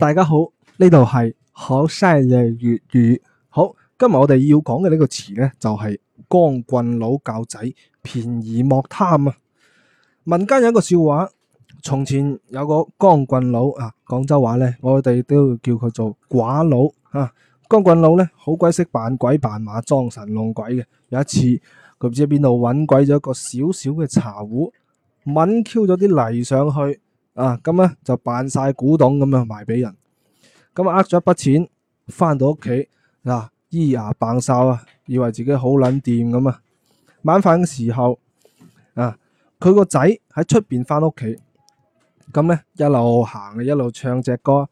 大家好，呢度係猴塞雷嘅粵語。好，今日我哋要講嘅呢個詞呢，就係、是、光棍佬教仔，便宜莫貪啊！民間有一個笑話，從前有個光棍佬啊，廣州話呢，我哋都叫佢做寡佬啊。光棍佬呢，好鬼識扮鬼扮馬裝神弄鬼嘅。有一次，佢唔知喺邊度揾鬼咗一個小小嘅茶壺，搵 Q 咗啲泥上去。啊，咁、嗯、咧就扮晒古董咁樣賣俾人，咁、嗯、啊，呃咗一筆錢，翻到屋企嗱，依牙扮哨啊，以為自己好捻掂咁啊。晚飯嘅時候啊，佢個仔喺出邊翻屋企，咁、嗯、咧一路行一路唱隻歌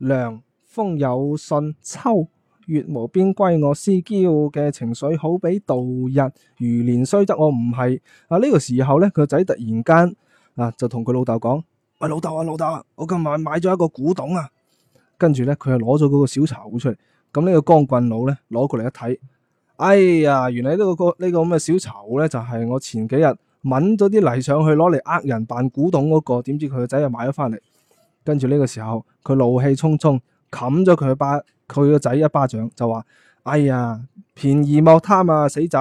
《涼風有信，秋月無邊》，歸我思嬌嘅情緒好比度日如年，雖得我唔係啊。呢、這個時候咧，佢個仔突然間啊，就同佢老豆講。喂、哎，老豆啊，老豆，啊，我今晚買咗一個古董啊，跟住呢，佢又攞咗嗰個小茶壺，出嚟。咁呢個光棍佬呢，攞過嚟一睇，哎呀，原來呢、這個呢、這個咁嘅小茶壺呢，就係、是、我前幾日揾咗啲泥上去攞嚟呃人扮古董嗰、那個，點知佢個仔又買咗翻嚟。跟住呢個時候佢怒氣沖沖冚咗佢巴佢個仔一巴掌，就話哎呀，便宜莫貪啊，死仔！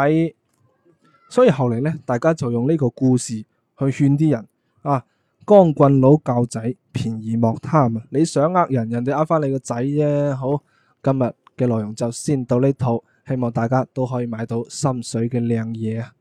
所以後嚟呢，大家就用呢個故事去勸啲人啊。光棍佬教仔，便宜莫貪啊！你想呃人，人哋呃翻你個仔啫。好，今日嘅內容就先到呢套，希望大家都可以買到心水嘅靚嘢啊！